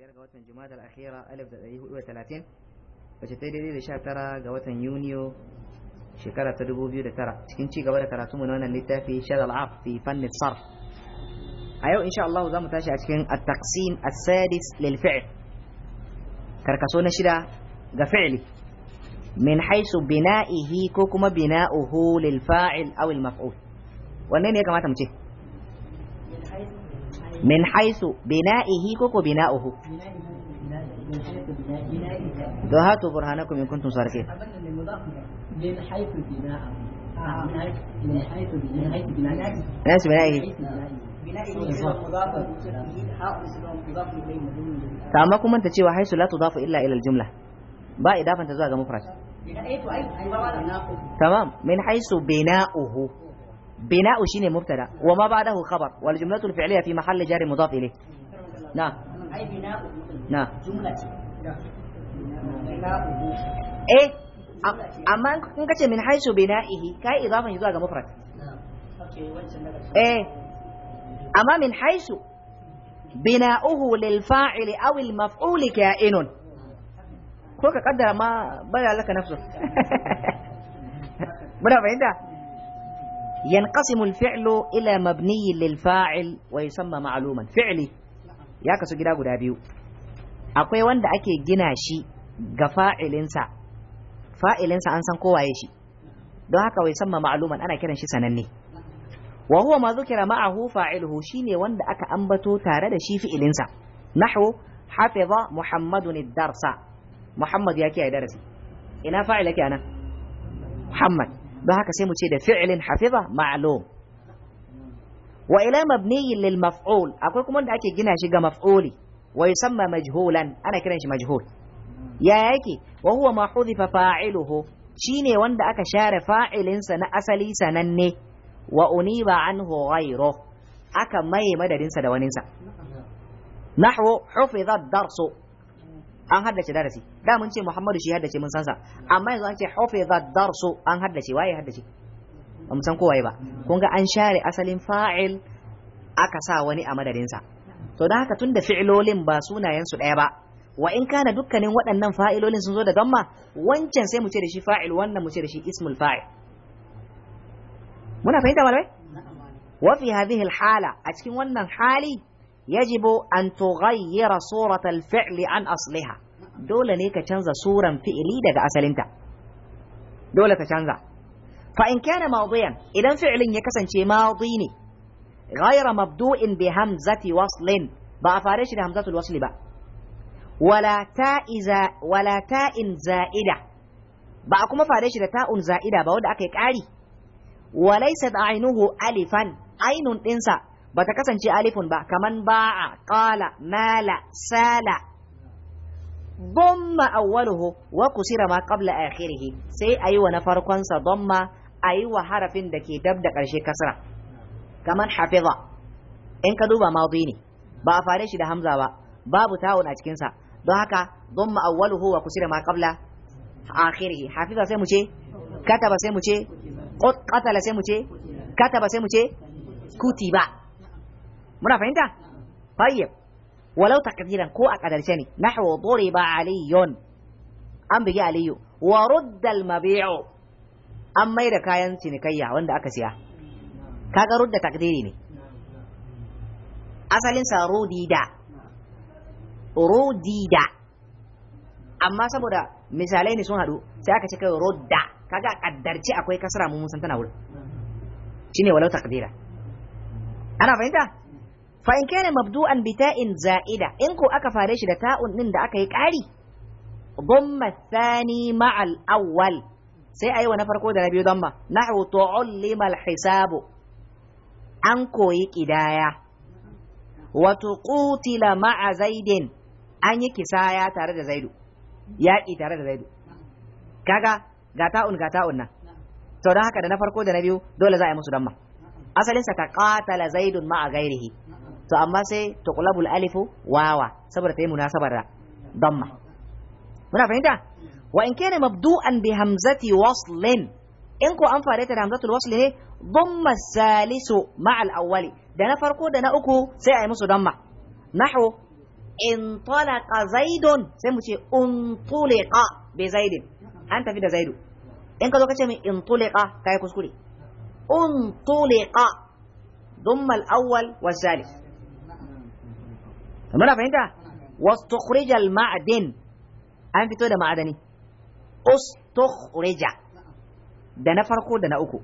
biyar ga watan jumada al'akhira alif da ɗari hudu da talatin wace ta daidai da sha tara ga watan yuniyo shekara ta dubu biyu da tara cikin ci gaba da karatu mu na wannan littafi shar al'af fi fanni a yau insha Allah za mu tashi a cikin at-taqsim as-sadis lil fi'l karkaso na shida ga fi'li min haisu bina'ihi ko kuma bina'uhu lil fa'il aw al maf'ul wannan ne ya kamata mu ce من حيث بنائه كوكو بنائه ده هاتوا برهانكم إن كنتم صارفين من حيث بنائه من حيث بنائه بنائه بنائه بنائه حيث بنائه بنائه بنائه بنائه بنائه بنائه بنائه بنائه بنائه بنائه بنائه بنائه بنائه بنائه بنائه بنائه بنائه بنائه بنائه بناء شين مبتدا وما بعده خبر والجملة الفعلية في محل جار مضاف إليه نعم أي بناء نعم جملة إيه أما إنك من حيث بنائه كاي إضافة يزوج مفرد إيه أما من حيث بناؤه للفاعل أو المفعول كائن كوكا قدر ما بدا لك نفسه بدأ fahimta ينقسم الفعل إلى مبني للفاعل ويسمى معلوما فعلي يا كسو جدا غدا بيو akwai wanda ake gina shi ga fa'ilinsa fa'ilinsa an san kowaye shi don haka wai samma ma'aluman ana kiran shi sananne wa huwa ma zukira ma'ahu fa'iluhu shine wanda aka ambato tare da shi fi'ilinsa nahwu hafiza muhammadun ad-darsa muhammad ya kiyaye darasi ina yake muhammad don haka sai mu ce da fi'ilin hafiza ma'lum wa ila mabniyin lil maf'ul akwai kuma wanda ake gina shi ga maf'uli wa yusamma majhulan ana kiran shi majhul ya yake wa huwa ma hudifa fa'iluhu shine wanda aka share fa'ilinsa na asali sananne wa uniba anhu ghayru aka maye madadinsa da waninsa nahwu hufiza ad-darsu an haddace darasi da mun ce Muhammadu shi haddace mun san sa amma yanzu an ce hafiza darsu an haddace waye haddace ba mu san kowaye ba kun ga an share asalin fa'il aka sa wani a madadin sa to dan haka tunda fi'ilolin ba sunayen su daya ba wa in kana dukkanin waɗannan fa'ilolin sun zo da gamma wancan sai mu ce da shi fa'il wannan mu ce da shi ismul fa'il muna fahimta malamai wa fi hadhihi al-hala a cikin wannan hali يجب أن تغير صورة الفعل عن أصلها دولة ليك تنزى صورا فعلي دقى أسلمتا دولة تنزى فإن كان ماضيا إذا فعل يكسن شي ماضيني غير مبدوء بهمزة وصل بأفاريش همزة الوصل بقى ولا تاء ولا تاء زائدة ba a kuma fare shi da ta'un za'ida ba wanda aka yi ƙari wa laysa da'inuhu alifan ainun dinsa ba ta kasance alifun ba kaman ba'a qala mala sala dhamma awwaluhu wa kusira ma qabla akhirih sai ayi wa na farkon sa dhamma ayi wa harafin da ke dab da karshe kasra kaman hafiza in ka duba madi ne ba a fare shi da hamza ba babu tawun a cikin sa don haka dhamma awwaluhu wa kusira ma qabla akhirih hafiza sai mu ce kataba sai mu ce qatala sai mu ce kataba sai mu ce kutiba muna fahimta tayyib walau takdiran ko a kadarce ne nahwu duriba aliyun an bigi aliyu wa ruddal mabi'u an mai da kayan cinikayya wanda aka siya kaga rudda takdiri ne asalin sa rudida rudida amma saboda misalai ne sun hadu sai aka ce kai rudda kaga kaddarci akwai kasra mun san tana wurin shine walau takdira ana fahimta fa in kana mabdu'an bi ta'in za'ida in ko aka fare shi da ta'un din da aka yi ƙari dhamma thani ma'al awwal sai ayi wa na farko da na biyu dhamma nahwu tu'allima al-hisabu an koyi kidaya wa tuqutila ma'a zaidin an yi kisaya tare da zaidu yaƙi tare da zaidu kaga ga ta'un ga ta'un nan to don haka da na farko da na biyu dole za a yi musu damma asalin sa ka qatala zaidun ma'a ghairihi to amma sai tuqlabul alifu wawa saboda ta yi munasabar da damma muna fahimta wa in kana mabdu'an bi hamzati waslin in ko an fare ta da hamzatul wasli ne damma salisu ma'a al da na farko da na uku sai a yi musu damma nahwu in talaqa zaidun sai mu ce untuliqa bi zaidin an tafi da zaidu in ka zo ka ce min intuliqa kai kuskure untuliqa damma al-awwal wa salis muna fahimta wastukhrija al ma'adin, an fito da ma'adani ustukhrija da na farko da na uku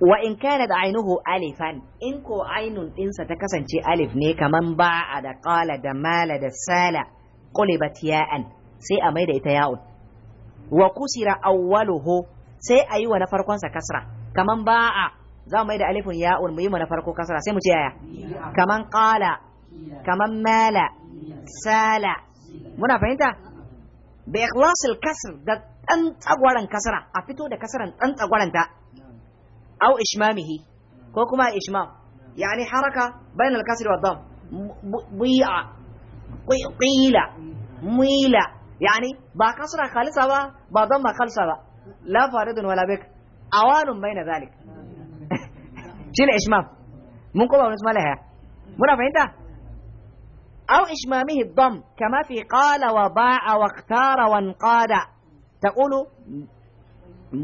wa in kana da ainihu alifan in ko ainun dinsa ta kasance alif ne kaman ba'a da qala da mala da sala qulibat ya'an sai a maida ita ya'un wa kusira awwaluhu sai a yi wa na farkon sa kasra kaman ba'a za mu maida alifun ya'un mu yi mu na farko kasra sai mu ce yaya kaman qala kamar mala sala muna fahimta bi ikhlasil kasr da dan tsagwaran kasara a fito da kasaran dan tsagwaran ta au ishmamihi ko kuma ishmam yani haraka bain al kasr wa dam bi'a qila mila yani ba kasra khalisa ba ba dam ba khalisa ba la faridun wala bik awanun baina zalik shine ishmam mun kuma wani isma laha muna fahimta أو إشمامه الضم كما في قال وباع واختار وانقاد تقول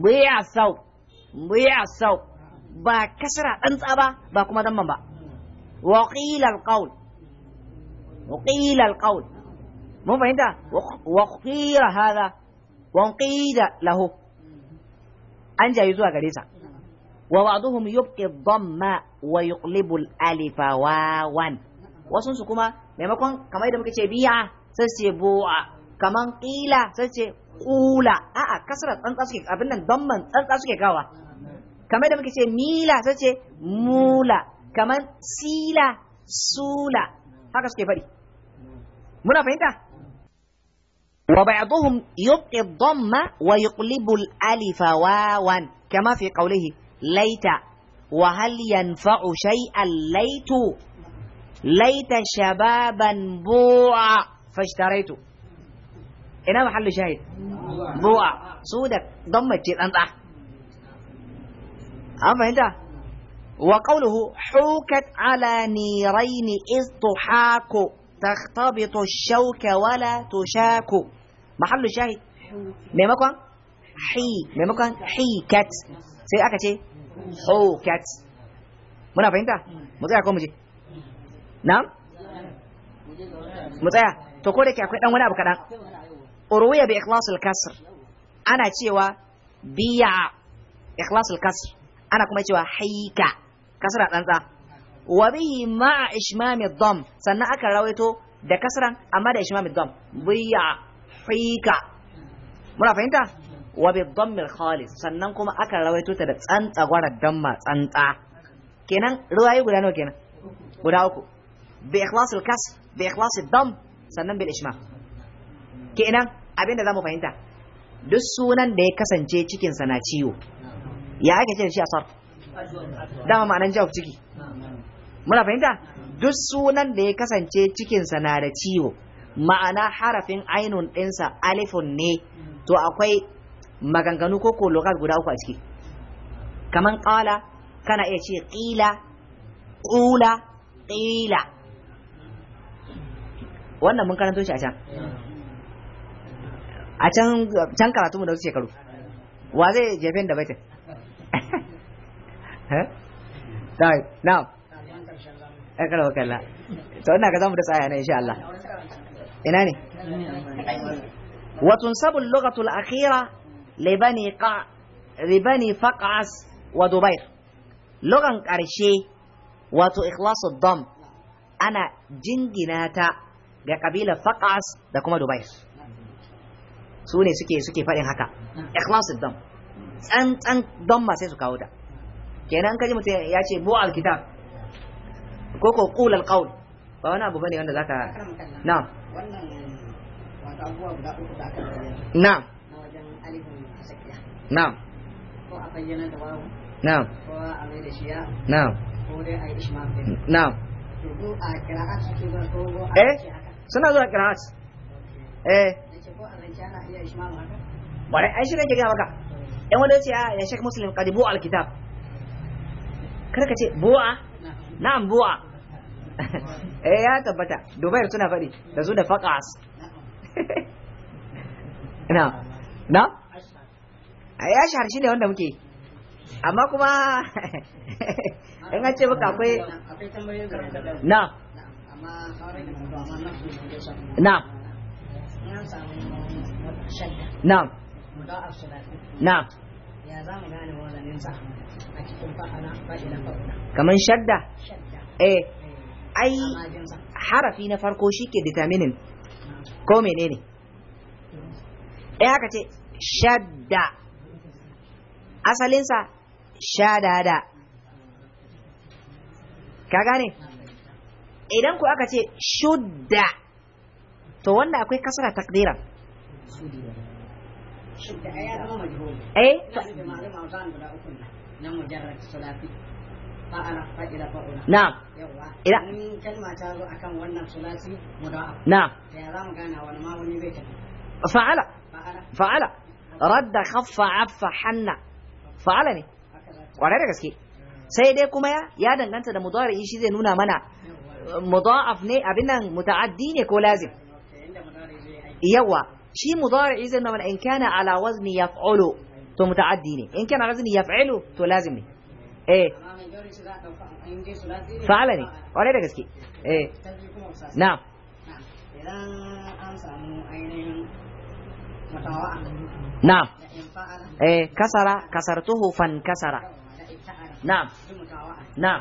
ضيع الثوب ضيع الثوب با كسرة أنت أبا با كما دم با وقيل القول وقيل القول مو فهمت وقيل هذا وانقيد له أنجا يزوى قريسة وبعضهم يبقي الضم ويقلب الألف واوا wasu su kuma maimakon kamar da muka ce biya sai ce bua, kaman ƙila sai ce ƙula a'a kasra tsantsa suke abin nan damman tsantsa suke gawa kamar da muka ce mila sai ce mula kaman sila sula haka suke faɗi muna fahimta وبعضهم يبقي الضم ويقلب الألف واوا كما في قوله ليت وهل ينفع شيئا ليت ليت شبابا بوعا فاشتريته هنا محل شاهد بوعا سودك ضمت أنت أما أنت وقوله حوكت على نيرين إذ تحاك تختبط الشوك ولا تشاك محل شاهد ميمكن حي ميمكن حيكت سي أكتي حوكت منا فهمت مزيع كومجي na'am mu tsaya to ko da ke akwai ɗan wani abu kaɗan? urwiya bi ikhlasul kasr ana cewa biya ikhlasul kasr ana kuma cewa haika kasra tsantsa wa bihi ma'a ishmami dom, sannan aka rawaito da kasran amma da ishmami dom, biya haika muna fahimta wa bi mil khalis sannan kuma aka rawaito ta da tsantsa gwara damma tsantsa kenan ruwayi guda nawa kenan guda uku بإخلاص الكسر بإخلاص الضم sannan bil ishma kenan abin da zamu fahimta duk sunan da ya kasance cikin sa na ciwo ya ake ce da shi a sarf dama ma'anan jawab ciki muna fahimta duk sunan da ya kasance cikin sa na da ciwo ma'ana harafin ainun ɗinsa alifun ne to akwai maganganu ko ko lugat guda uku a ciki kaman qala kana iya ce ƙila, qula ƙila. wannan mun karanto shi a can a can can karatu mu da wasu shekaru wa zai jefen da baitin طيب نعم اقرا وكلا to ina ga zamu da tsaya ne insha Allah ina ne wa tunsabu al-lughatu al-akhira li bani qa li bani faqas wa dubair lugan karshe wato ikhlasu dam ana jingina ta ga kabilar faqas da kuma dubais su ne suke suke faɗin haka ikhlasu dam tsantsan don ma sai su kawo da kenan kaji mutum ya ce bu alkitab ko ko qul alqaul ba wani abu bane wanda zaka na'am wannan wato abubuwa guda uku da aka na'am na na'am ko a bayyana da wawo na'am ko a mai da shiya na'am ko dai a yi ishmael na'am to a kira'at suke ba ko a eh? suna zuwa qira'at eh bare ai shi ne ke ga maka dan wanda yace a ya ah, shek muslim kadi bu'a alkitab kar ka ce bu'a na'am bu'a eh ya tabbata dubayar suna faɗi da su da faqas na na ya shahar shi ne wanda muke amma kuma in an ce baka akwai na na'am na'am na'am kamar shadda eh ai harafi na farko shike determinin ko menene eh haka ce shadda asalinsa shadada ka gane idan ku aka ce shudda to wanda akwai kasara takdiran eh na'am idan kalma ta zo akan wannan sulasi ya za mu gana wani ma wani bai fa'ala fa'ala radda khaffa affa hanna fa'ala ne kwarai da gaske sai dai kuma ya danganta da mudari shi zai nuna mana muda'af ne abin muta'addi ne ko lazim yawa shi mudari zai zama in kana ala wazni yaf'ulu to muta'addi ne in kana wazni yaf'ulu to lazim ne eh fa'ala ne kwarai da gaske eh na'am idan an samu ainihin matawa na'am eh kasara kasartuhu fan kasara na'am na'am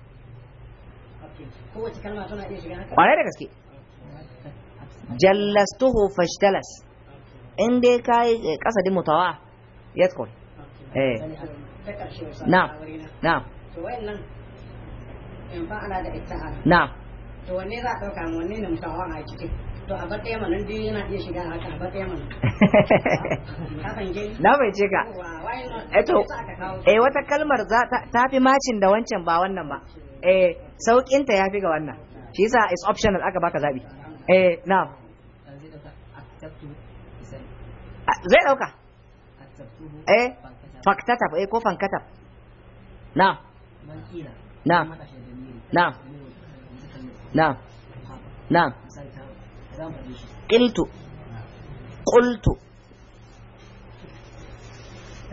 kowace kalma tana iya shiga haka kwarai da gaske jallastuhu fashtalas in dai kai kasadin eh, mutawa yadkur eh na na to wayannan in fa ana da ittihad na'am to wanne za a dauka mu wanne ne mutawa a cikin to a bar ɗaya manan duk yana iya shiga haka a bar ɗaya manan na bai ce ka eto eh, eh wata kalmar ta fi macin da wancan ba wannan ba eh saukin ta yafi ga wannan shi yasa is optional aka baka zabi eh na ah, zai dauka eh faktata eh ko fankata na, na, na, na, na. Kiltu, kultu,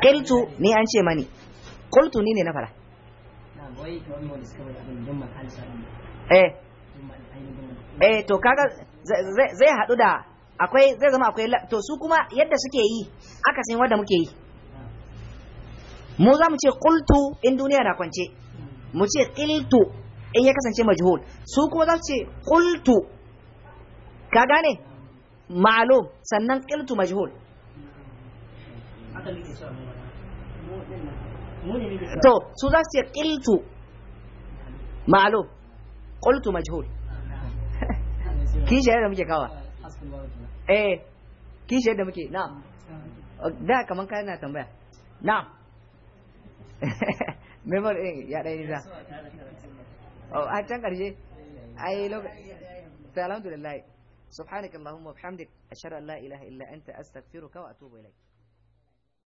kiltu ni an ce mani Kultu ni ne na fara eh eh to kaga zai haɗu da akwai zai zama akwai to su kuma yadda suke yi aka san wanda muke yi mu za mu ce kultu in duniya na kwance mu ce kiltu in ya kasance majhul su kuma za su ce kultu, ka gane malo sannan kiltu majhul to su za su yi qiltu ma'alo qultu majhul kishiyar da muke kawa eh kishiyar da muke na da kamar kayan na tambaya na memor ɗin eh, ya ɗaya da oh, a can karshe ai da lai subhanakallahumma wa bihamdik ashhadu an la ilaha illa anta astaghfiruka wa atubu ilaik